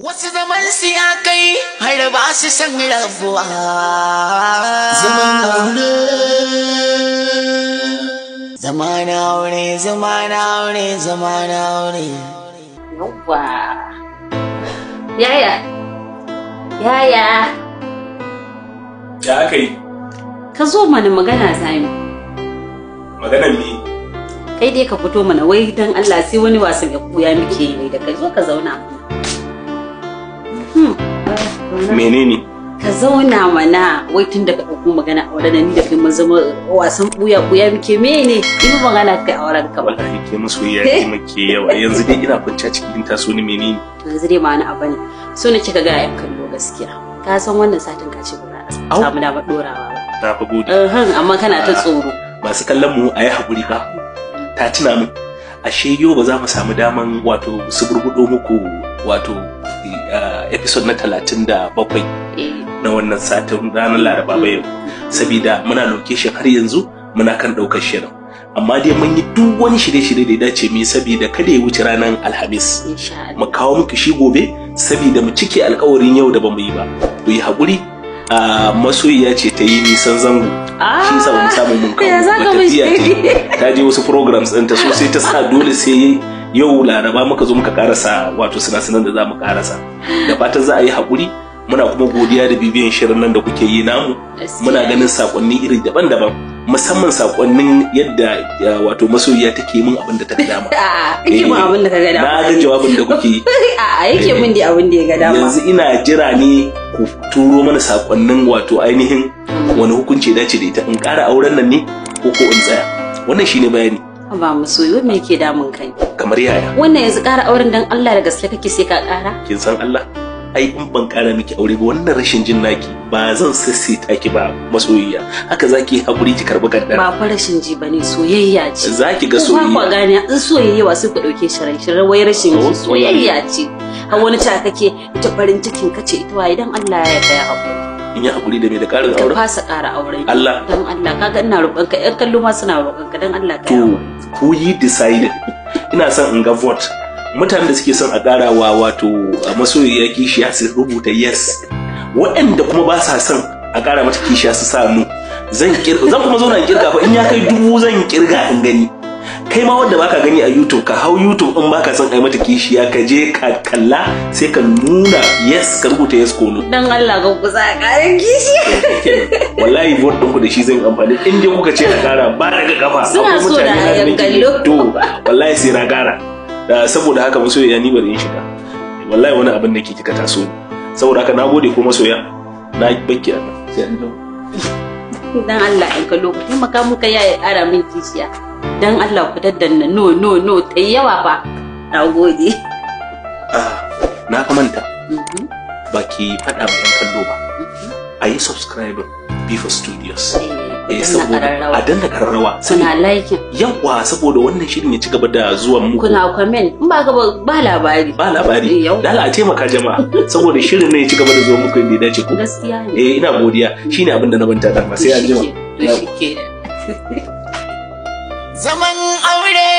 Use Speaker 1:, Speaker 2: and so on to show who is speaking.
Speaker 1: Wasu zaman siya kai har ba su san rabuwa. Zaman aure. Zaman aure, zaman aure, zaman aure. Yawwa. Yaya. Yaya. Ya aka yi? Ka zo mana magana zami. Maganar ne. Kai dai ka fito mana wai don Allah sai wani wasan ya kuya muke ne da ka zo ka zauna mana. menene ka zauna mana wai tun daga ka ɗauko magana a wadana ni da kai mun zama wasan buya-buya muke mene in magana kai a wadana ka
Speaker 2: ba wallahi ke musu ya ke muke yawa yanzu dai ina kwanciya cikin taso ni menene
Speaker 1: yanzu dai ma wani abu ne so ne kika ga yan kallo gaskiya ka san wannan satin ka ce ba za a samu damar dorawa
Speaker 2: ba ta fi gode amma kana ta tsoro masu kallon mu a yi haƙuri ba ta tuna min ashe yau ba za mu samu daman wato su burbuɗo muku wato Eh, episode na talatin da bakwai eh. na wannan satin ranar laraba ba yau sabida muna location har yanzu muna kan ɗaukar shirin amma dai mun yi duk wani shirye-shirye da ya dace mu sabida kada ya wuce ranar alhamis mu kawo muku shi gobe sabida mu cike alkawarin yau da bamu yi ba to yi haƙuri ah, masoyiya ce ta yi nisan zango ah, shi sa ba mu samu mun kawo tafiya ta je wasu programs ɗinta sosai so ta sa dole sai yau laraba muka zo muka karasa wato sinasinan da za mu karasa da fatan za a yi haƙuri muna kuma godiya da bibiyan shirin nan da kuke yi namu muna ganin sakonni iri daban-daban musamman sakonnin yadda wato masoyiya take min abin da ta ga dama
Speaker 1: ah, yake min eh, abin da ta ga dama na ga jawabin da kuke yi a ah, yake min da abin da ya ga dama yanzu
Speaker 2: ina jira ne ku turo mana sakonnin wato ainihin wani hukunci dace da ita in ƙara auren nan ne ko ko in tsaya wannan shine bayani
Speaker 1: ba musoyi me ke damun kai
Speaker 2: kamar yaya wannan
Speaker 1: yanzu ƙara auren dan Allah da gaske kake sai ka ƙara
Speaker 2: kin san Allah ai in ban ƙara miki aure ba wannan rashin jin naki ba zan sassaita ki ba masoyiya haka zaki haƙuri ki karɓi kaddara
Speaker 1: ba fa rashin ji bane soyayya ce zaki ga soyayya ba gani in soyayya wa sai ku dauke shirin shirin wai rashin ji soyayya ce har wani ta kake ita farin cikin kace ita wa idan Allah ya yarda ya haƙuri
Speaker 2: in yi hakuri da me da ƙarin aure? Ka fasa
Speaker 1: ƙara aure. Allah. Don Allah kaga ina roƙonka ƴan kallo ma suna roƙonka don Allah ka yi
Speaker 2: To ku yi decided. ina son in ga vote mutanen da suke son a ƙara wa wato masoyiya kishiya su rubuta yes waɗanda kuma ba sa son a ƙara mata kishiya su sa nu zan kuma zo na kirga fa in ya kai dubu zan kirga in gani kai ma wanda baka gani a youtube ka hau youtube in baka son ai mata kishiya ka je ka kalla sai ka nuna yes ka rubuta yes ko no
Speaker 1: dan Allah ga ku sa karin kishiya
Speaker 2: wallahi vote ɗinku da shi zan amfani in dai kuka ce na gara ba daga kafa suna so da ayyukan to wallahi sai na gara. saboda haka ya ni bari in shiga wallahi wani abin da ke kika taso saboda haka na gode ko masoya na bakki a sai an
Speaker 1: dan Allah in kallo ku taimaka muka yaya ara min kishiya don Allah ku daddanna
Speaker 2: no no no ta yawa ba na gode ah, na kamanta mhm. ba ki faɗa ba yan kallo ba mhm. a yi subscribe bifa studios eh, eh saboda a danna kararrawa kuna like yawa saboda wannan shirin ya ci gaba da zuwa muku kuna
Speaker 1: comment in ba ga ba labari
Speaker 2: ba labari da eh, Allah a taimaka jama'a saboda shirin ne ya ci gaba da zuwa muku inda ya dace ku gaskiya ne eh ina godiya shine abin da na banta karma sai an jima shike zaman aure